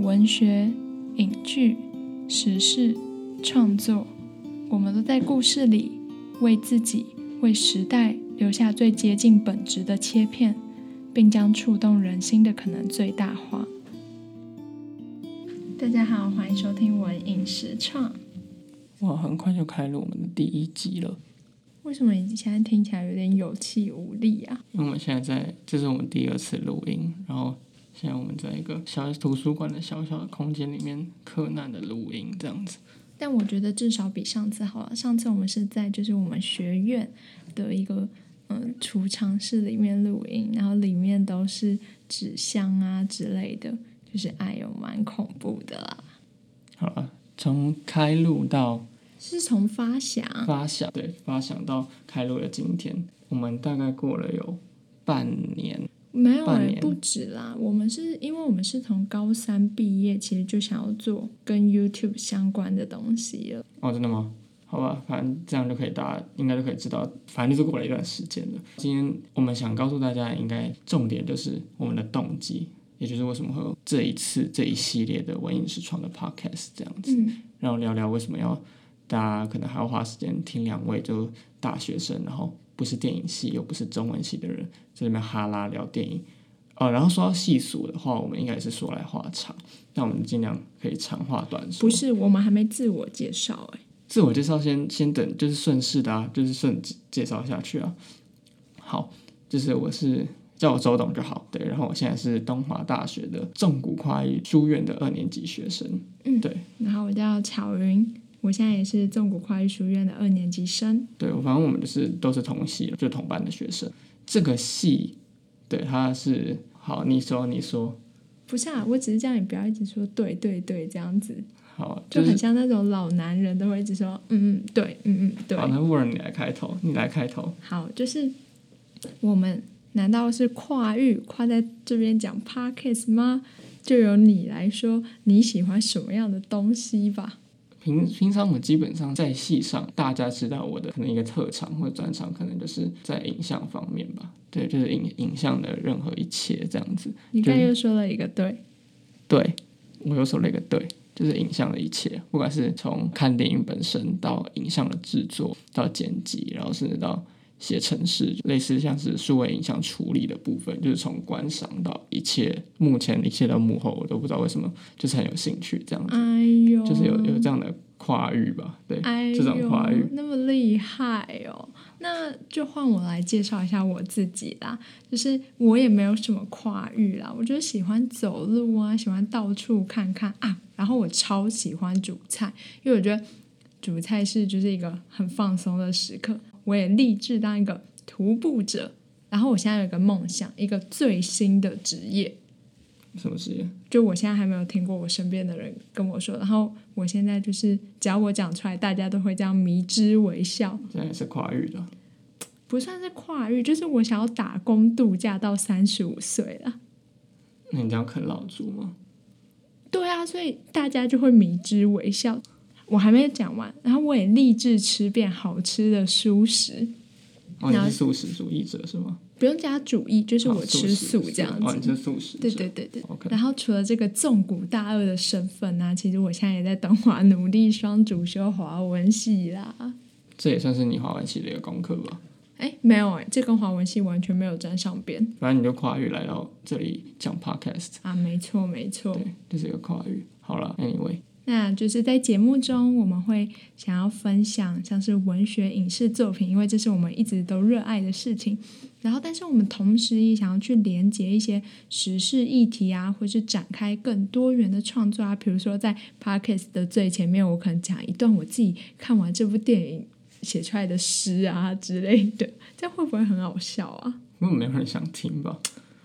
文學、影劇、時事、創作，我們都在故事裡為自己、為時代留下最接近本質的切片，並將觸動人心的可能最大化。大家好，歡迎收聽文影時創。哇，很快就開錄我們的第一集了。為什麼你現在聽起來有點有氣無力啊？因為我們現在在，這、就是我們第二次錄音，然後。現在我們在一個小圖書館的小小的空間裡面，克難的錄音這樣子。但我覺得至少比上次好了。上次我們是在就是我們學院的一個嗯儲藏室裡面錄音，然後裡面都是紙箱啊之類的，就是哎呦蠻恐怖的啦。好了，從開錄到，是從發想發想，對，發想到開錄的今天，我們大概過了有半年。沒有誒、欸，不止啦。我們是因為我們是從高三畢業，其實就想要做跟 YouTube 相關的東西了。哦，真的嗎？好吧，反正這樣就可以答，大家應該就可以知道，反正就是過了一段時間了。今天我們想告訴大家，應該重點就是我們的動機，也就是為什麼會有這一次這一系列的文影時創的 Podcast 這樣子，然、嗯、後聊聊為什麼要大家可能還要花時間聽兩位就是、大學生，然後。不是電影系又不是中文系的人，在裡面哈拉聊電影，哦、呃，然後說到細數的話，我們應該也是說來話長，那我們盡量可以長話短說。不是，我們還沒自我介紹誒，自我介紹先先等，就是順勢的啊，就是順介紹下去啊。好，就是我是叫我周董就好，對，然後我現在是東華大學的縱谷跨域書院的二年級學生，嗯，對，然後我叫喬雲。我現在也是縱谷跨域書院的二年級生。對，我反正我們就是都是同系，就同班的學生。這個系，對他是好，你說你說，不是啊？我只是叫你不要一直說對對對這樣子，好、就是、就很像那種老男人，都會一直說嗯對嗯對嗯嗯對。好，那不然你來開頭，你來開頭。好，就是我們難道是跨域跨在這邊講 Podcast 嗎？就由你來說，你喜歡什麼樣的東西吧？平平常我基本上在戲上，大家知道我的可能一個特長或者專長，可能就是在影像方面吧。對，就是影影像的任何一切這樣子。你看又說了一個對，對，我又說了一個對，就是影像的一切，不管是從看電影本身到影像的制作，到剪輯，然後甚至到。寫程式就類似像是數位影像處理的部分，就是從觀賞到一切幕前一切到幕後，我都不知道為什麼就是很有興趣這樣子，哎、呦就是有有這樣的跨域吧，對，哎、這種跨域那麼厲害哦，那就換我來介紹一下我自己啦，就是我也沒有什麼跨域啦，我就喜歡走路啊，喜歡到處看看啊，然後我超喜歡煮菜，因為我覺得煮菜是就是一個很放鬆的時刻。我也立志當一個徒步者，然後我現在有一個夢想，一個最新的職業。什麼職業？就我現在還沒有聽過我身邊的人跟我說，然後我現在就是只要我講出來，大家都會這樣迷之微笑。這樣也是跨域的。不算是跨域，就是我想要打工度假到三十五歲了。那你這樣啃老族嗎？對啊，所以大家就會迷之微笑。我還沒有講完，然後我也立志吃遍好吃的蔬食。哦，然後你是素食主義者是嗎？不用加主義，就是我吃素這樣子。啊、素食,、哦你素食。對對對對。OK。然後除了這個中古大二的身份、啊、其實我現在也在東華努力雙主修華文系啦。這也算是你華文系的一個功課吧？哎、欸，沒有哎、欸，這跟華文系完全沒有沾上邊。反正你就跨越來到這裡講 Podcast 啊，沒錯沒錯，對，這、就是一個跨越。好了，Anyway。那就是在節目中，我們會想要分享像是文學、影視作品，因為這是我們一直都熱愛的事情。然後，但是我們同時也想要去連接一些時事議題啊，或者是展開更多元的創作啊。比如說，在 podcast 的最前面，我可能講一段我自己看完這部電影寫出來的詩啊之類的，這樣會不會很好笑啊？不過沒有人想聽吧？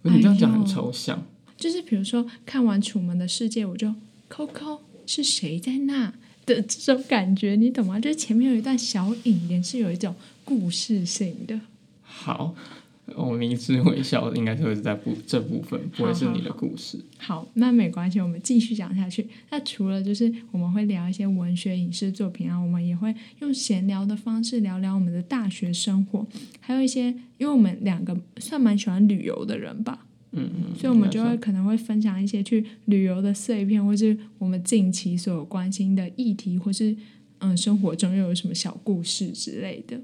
你這樣講很抽象。就是比如說，看完《楚門的世界》，我就扣扣。是誰在那的這種感覺，你懂嗎？就是前面有一段小影也是有一種故事性的。好，我迷之微笑應該會是在部這部分，不會是你的故事。好，好，好，好，好，那沒關係，我們繼續講下去。那除了就是我們會聊一些文學影視作品啊，我們也會用閒聊的方式聊聊我們的大學生活，還有一些，因為我們兩個算蠻喜歡旅遊的人吧。嗯嗯，所以我們就會可能會分享一些去旅遊的碎片，或是我們近期所關心的議題，或是嗯生活中又有什麼小故事之類的。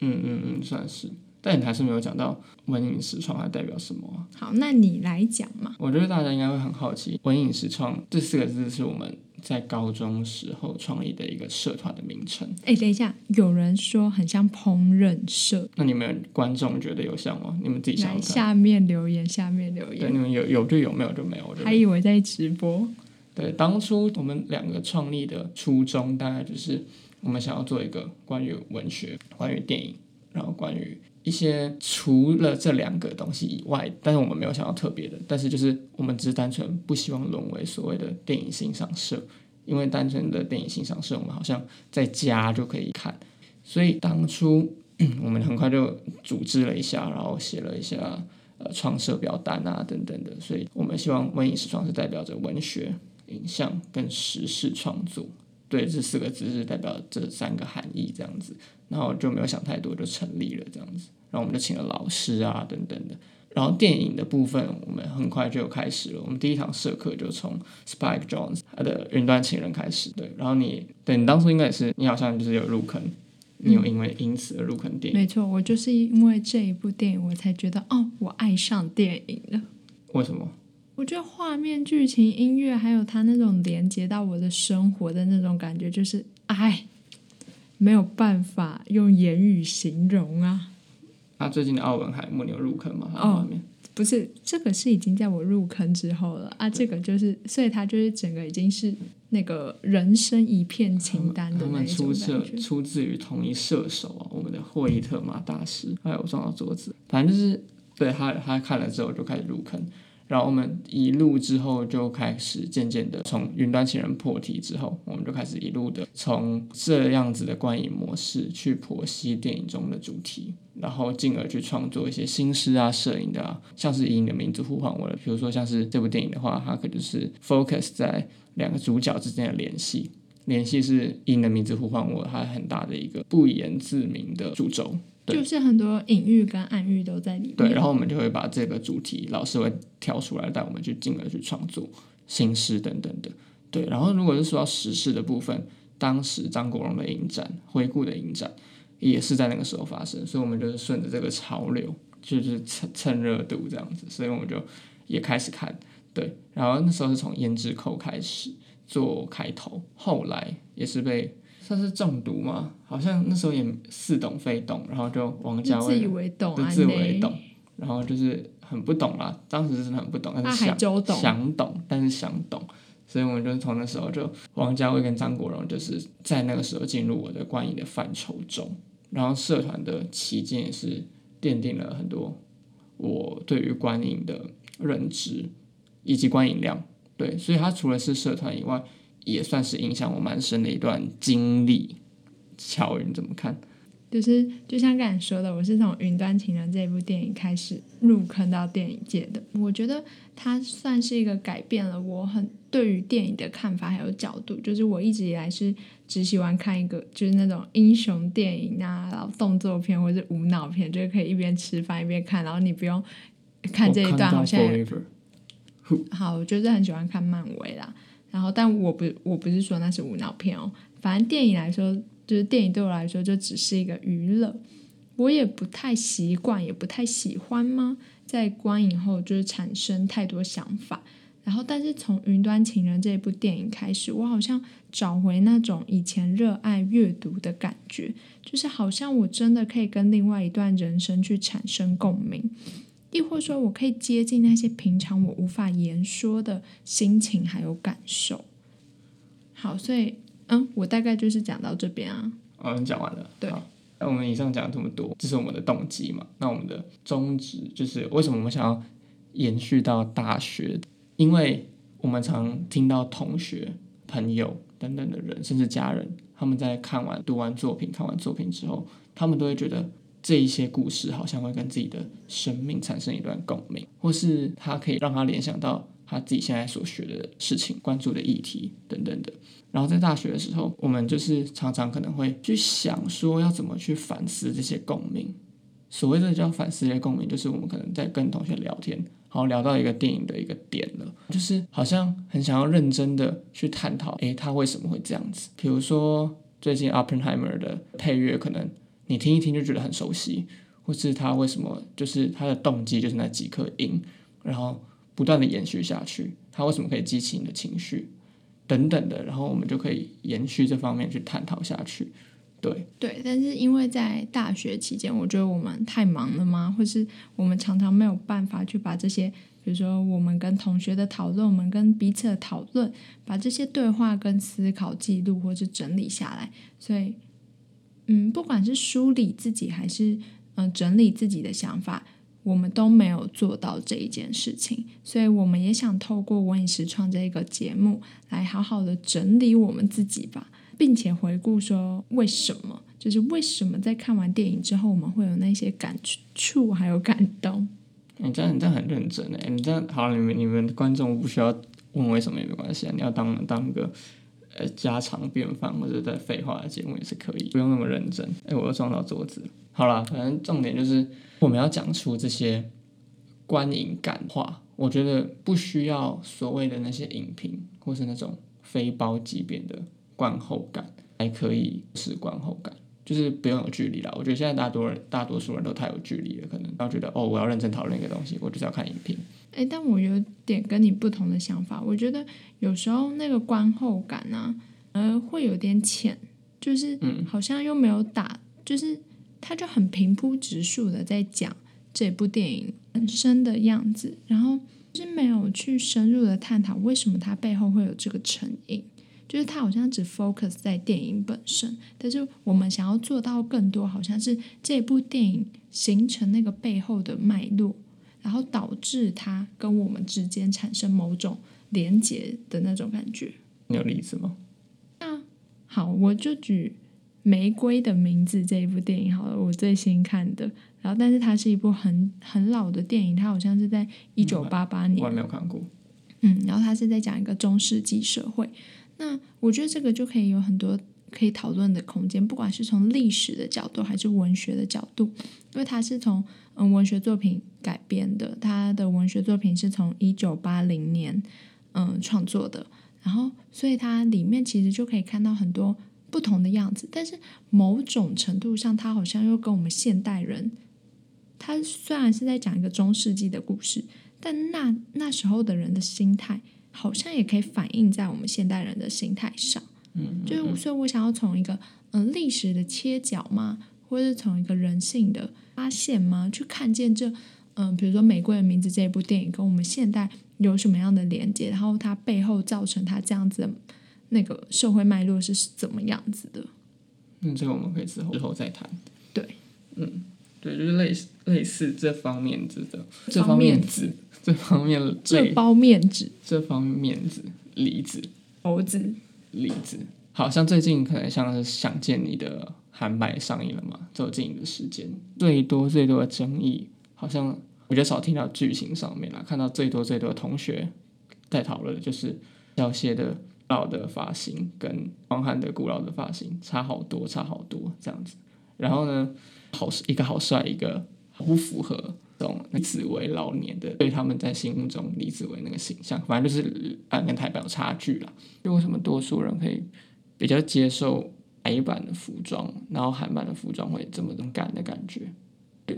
嗯嗯嗯，算是，但你還是沒有講到文影時創還代表什麼啊？好，那你來講嘛。我覺得大家應該會很好奇，文影時創這四個字是我們。在高中時候創立的一個社團的名稱。哎，等一下，有人說很像烹飪社，那你們有沒有觀眾覺得有像嗎？你們自己想。來，下面留言，下面留言。對，你們有有就有，沒有就沒有。還以為在直播。對，當初我們兩個創立的初衷，大概就是我們想要做一個關於文學、關於電影，然後關於。一些除了這兩個東西以外，但是我們沒有想到特別的，但是就是我們只是單純不希望淪為所謂的電影欣賞社，因為單純的電影欣賞社，我們好像在家就可以看，所以當初、嗯、我們很快就組織了一下，然後寫了一下呃創社表單啊、等等的，所以我們希望文影時創是代表着文學、影像跟時事創作。對，這四個字是代表這三個含義這樣子，然後就沒有想太多就成立了這樣子，然後我們就請了老師啊等等的，然後電影的部分我們很快就開始了，我們第一堂社課就從 Spike Jones 他的《雲端情人》開始。對，然後你，對，你當初應該也是你好像就是有入坑、嗯，你有因為因此而入坑電影。沒錯，我就是因為這一部電影我才覺得哦，我愛上電影了，為什麼？我覺得畫面、劇情、音樂，還有他那種連接到我的生活的那種感覺，就是唉，沒有辦法用言語形容啊。那、啊、最近的《奧文海默》你有入坑嗎？啊、哦，不是，這個是已經在我入坑之後了啊。這個就是，所以他就是整個已經是那個人生一片清單的那種感覺。出自出自於同一射手，啊，我們的霍伊特瑪大師。哎，我撞到桌子，反正就是、就是、對他，他看了之後就開始入坑。然後我們一路之後就開始漸漸的從雲端情人破題之後，我們就開始一路的從這樣子的觀影模式去剖析電影中的主題，然後進而去創作一些新詩啊、攝影的、啊，像是以你的名字呼喚我的，比如說，像是這部電影的話，它可能就是 focus 在兩個主角之間的聯繫，聯繫是以你的名字呼喚我的，它很大的一個不言自明的主軸。就是很多隱喻跟暗喻都在裡面。對，然後我們就會把這個主題，老師會挑出來帶我們去進而去創作新詩等等的。對，然後如果是說到時事的部分，當時張國榮的影展，回顧的影展也是在那個時候發生，所以我們就是順着這個潮流，就是趁趁熱度這樣子，所以我們就也開始看。對，然後那時候是從胭脂扣開始做開頭，後來也是被。他是中毒嘛？好像那時候也似懂非懂，然後就王家衛的自以為懂,自懂、啊，然後就是很不懂啦。當時真的很不懂，但是想、啊、懂想懂，但是想懂，所以我們就從那時候就王家衛跟張國榮就是在那個時候進入我的觀影的範疇中，然後社團的期間也是奠定了很多我對於觀影的認知以及觀影量。對，所以他除了是社團以外。也算是影響我蠻深的一段經歷，喬雲怎麼看？就是就像剛才說的，我是從《雲端情人》這部電影開始入坑到電影界的。我覺得它算是一個改變了我很對於電影的看法還有角度。就是我一直以來是只喜歡看一個就是那種英雄電影啊，然後動作片或者是無腦片，就是可以一邊吃飯一邊看。然後你不用看這一段，好像好，我就是很喜歡看漫威啦。但我不我不是說那是無腦片哦，反正電影來說，就是電影對我來說就只是一個娛樂，我也不太習慣，也不太喜歡嗎，在觀影後就是產生太多想法，然後但是從《雲端情人》這一部電影開始，我好像找回那種以前熱愛閱讀的感覺，就是好像我真的可以跟另外一段人生去產生共鳴。亦或說，我可以接近那些平常我無法言說的心情，還有感受。好，所以，嗯，我大概就是講到這邊啊。嗯、哦、講完了。對。那我們以上講這麼多，這是我們的動機嘛？那我們的宗旨就是為什麼我們想要延續到大學？因為我們常聽到同學、朋友等等的人，甚至家人，他們在看完讀完作品，看完作品之後，他們都會覺得。這一些故事好像會跟自己的生命產生一段共鳴，或是他可以讓他聯想到他自己現在所學的事情、關注的議題等等的。然後在大學的時候，我們就是常常可能會去想說，要怎麼去反思這些共鳴。所謂的叫反思的共鳴，就是我們可能在跟同學聊天，然後聊到一個電影的一個點了，就是好像很想要認真的去探討，誒，他為什麼會這樣子？比如說最近《奧本海默》的配樂可能。你聽一聽就覺得很熟悉，或是他為什麼就是他的動機就是那幾顆音，然後不斷的延續下去，他為什麼可以激起你的情緒等等的，然後我們就可以延續這方面去探討下去。對，對，但是因為在大學期間，我覺得我們太忙了嘛，或是我們常常沒有辦法去把這些，比如說我們跟同學的討論，我們跟彼此的討論，把這些對話跟思考記錄或是整理下來，所以。嗯，不管是梳理自己，還是嗯、呃、整理自己的想法，我們都沒有做到這一件事情。所以，我們也想透過《文影時創》這一個節目，來好好的整理我們自己吧，並且回顧說為什麼，就是為什麼在看完電影之後，我們會有那些感觸還有感動。你這樣，你這樣很認真哎，你這樣好，你們你們觀眾不需要問為什麼也沒關係啊，你要當當個。呃，家常便飯或者在廢話的節目也是可以，不用那麼認真。哎，我又撞到桌子。好啦，反正重點就是我們要講出這些觀影感化。我覺得不需要所謂的那些影評，或是那種非褒即貶的觀後感，還可以是觀後感，就是不用有距離啦。我覺得現在大多人，大多數人都太有距離了，可能要覺得哦，我要認真討論一個東西，我就是要看影評。哎，但我有點跟你不同的想法。我覺得有時候那個觀後感呢、啊，呃，會有點淺，就是好像又沒有打，就是他就很平鋪直述的在講這部電影本身的樣子，然後就是沒有去深入的探討為什麼它背後會有這個成因，就是它好像只 focus 在電影本身，但是我們想要做到更多，好像是這部電影形成那個背後的脈絡。然後導致它跟我們之間產生某種連結的那種感覺。你有例子嗎？那好，我就舉《玫瑰的名字》這一部電影好了，我最新看的。然後，但是它是一部很很老的電影，它好像是在一九八八年，我還沒有看過。嗯，然後它是在講一個中世紀社會。那我覺得這個就可以有很多，可以討論的空間，不管是從歷史的角度還是文學的角度，因為它是從嗯文學作品改編的，他的文學作品是從一九八零年嗯創作的，然後所以它裡面其實就可以看到很多不同的樣子，但是某種程度上，它好像又跟我們現代人，他雖然是在講一個中世紀的故事，但那那時候的人的心態，好像也可以反映在我們現代人的心態上。嗯，嗯，就是所以，我想要從一個嗯、呃、歷史的切角嗎？或者是從一個人性的發現嗎？去看見這嗯、呃，比如說《玫瑰的名字》這部電影，跟我們現代有什麼樣的連接？然後它背後造成它這樣子的那個社會脈絡是怎麼樣子的？嗯，這個我們可以之後之後再談。對，嗯，對，就是類似類似這方面子的，這方面子，這方面子，這方面，這包面子，這方面子，梨子、猴子、哦子。例子，好像最近可能像是《想見你》的韓版上映了嘛？最近的時間，最多最多的爭議，好像我覺得少聽到劇情上面啦，看到最多最多的同學在討論的就是小謝的老的髮型跟汪涵的古老的髮型差好多，差好多這樣子。然後呢，好一個好帥，一個好不符合。李子維老年的對他們在心目中李子維那個形象，反正就是，啊，跟台版有差距了。因為什麼多數人可以比較接受台版的服裝，然後韓版的服裝會這麼種感的感覺？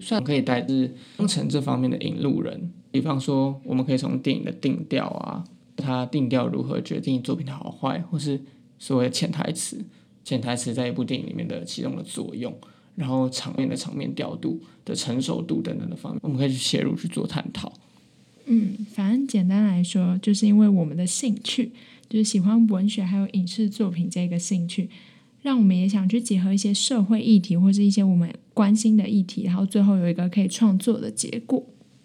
算可以帶是當成這方面的引路人。比方說，我們可以從電影的定調啊，它定調如何決定作品的好壞，或是所謂的潛台詞，潛台詞在一部電影裡面的其中的作用。然後場面的場面調度的成熟度等等的方面，我們可以去切入去做探討。嗯，反正簡單來說，就是因為我們的興趣，就是喜歡文學還有影視作品這個興趣，讓我們也想去結合一些社會議題或是一些我們關心的議題，然後最後有一個可以創作的結果。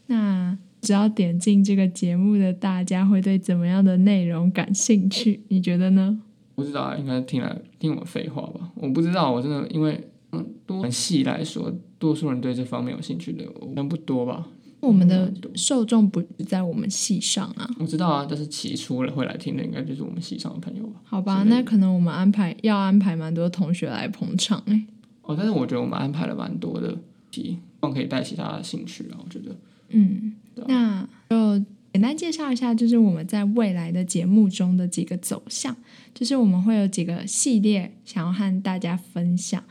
那只要點進這個節目的大家，會對怎麼樣的內容感興趣？你覺得呢？不知道，應該聽了聽我廢話吧？我不知道，我真的因為。嗯，多。們系來說，多數人對這方面有興趣的人不多吧、嗯？我們的受眾不在我們系上啊。我知道啊，但是起初會來聽的應該就是我們系上的朋友吧？好吧，那可能我們安排要安排蠻多同學來捧場哎、欸。哦，但是我覺得我們安排了蠻多的題，希望可以帶其他的興趣啊，我覺得。嗯、啊、那就簡單介紹一下，就是我們在未來的節目中的幾個走向，就是我們會有幾個系列想要和大家分享。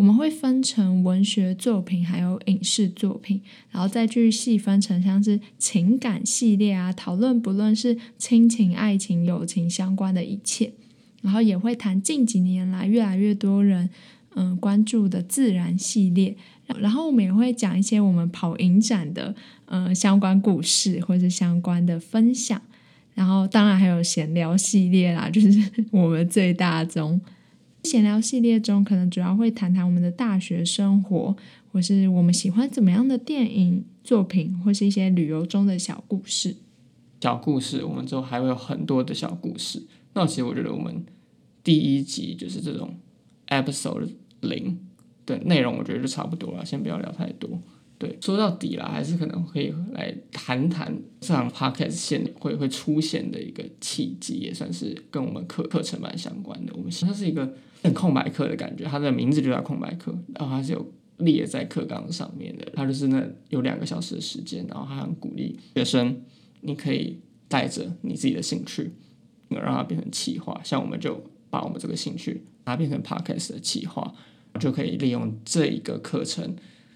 我們會分成文學作品，還有影視作品，然後再去細分成像是情感系列啊，討論不論是親情、愛情、友情相關的一切，然後也會談近幾年來越來越多人嗯、呃、關注的自然系列，然後我們也會講一些我們跑影展的嗯、呃、相關故事或是相關的分享，然後當然還有閒聊系列啦，就是我們最大宗。閒聊系列中，可能主要會談談我們的大學生活，或是我們喜歡怎麼樣的電影作品，或是一些旅遊中的小故事。小故事，我們之後還會有很多的小故事。那其實我覺得，我們第一集就是這種 episode 零的內容，我覺得就差不多了，先不要聊太多。對，說到底了，還是可能會來談談這場 Podcast 現會會出現的一個契機，也算是跟我們課課程蠻相關的。我們現在是一個很空白課的感覺，它的名字就叫空白課，然後它是有列在課綱上面的。它就是那有兩個小時的時間，然後它很鼓勵學生，你可以帶着你自己的興趣，讓它變成企劃。像我們就把我們這個興趣，把它變成 Podcast 的企劃，就可以利用這一個課程。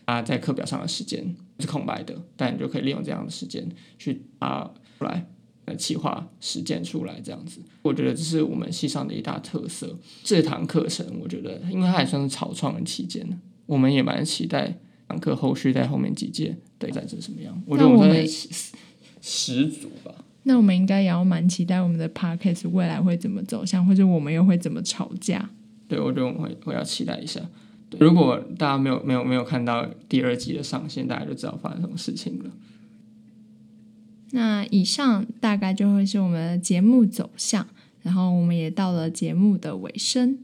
啊，在課表上的時間是空白的，但你就可以利用這樣的時間去啊，來來、啊、企劃、實踐出來這樣子。我覺得這是我們系上的一大特色。這堂課程，我覺得，因為它也算是草創的期間呢，我們也蠻期待堂課後續在後面幾屆，對，會是什麼樣我？我覺得我們真的十足吧。那我們應該也要蠻期待我們的 p a c k a g e 未來會怎麼走向，或者我們又會怎麼吵架？對，我覺得我們會會要期待一下。如果大家沒有沒有沒有看到第二集的上線，大家就知道發生什麼事情了。那以上大概就會是我們節目走向，然後我們也到了節目的尾聲。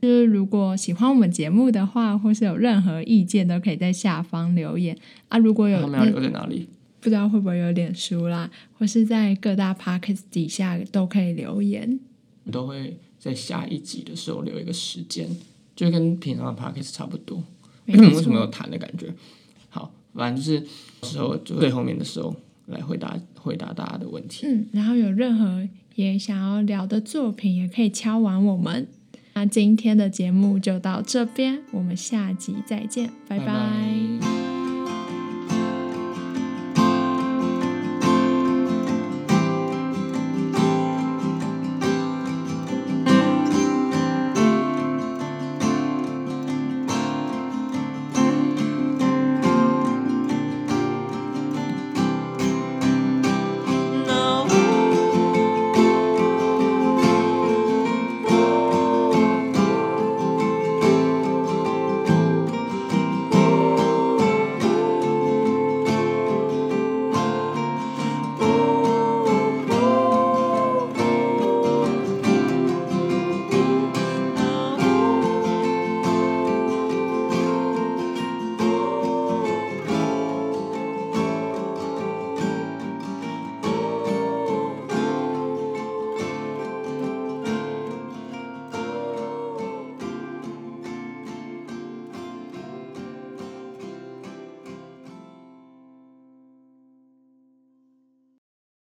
就是如果喜歡我們節目的話，或是有任何意見，都可以在下方留言啊。如果有他們要留在哪裡？不知道會不會有臉書啦，或是在各大 Podcast 底下都可以留言。都會在下一集的時候留一個時間。就跟平常的 Podcast 差不多沒，為什麼有談的感覺？好，反正就是時候最後面的時候來回答回答大家的問題。嗯，然後有任何也想要聊的作品，也可以敲碗我們。那今天的節目就到這邊，我們下集再見，拜拜。拜拜。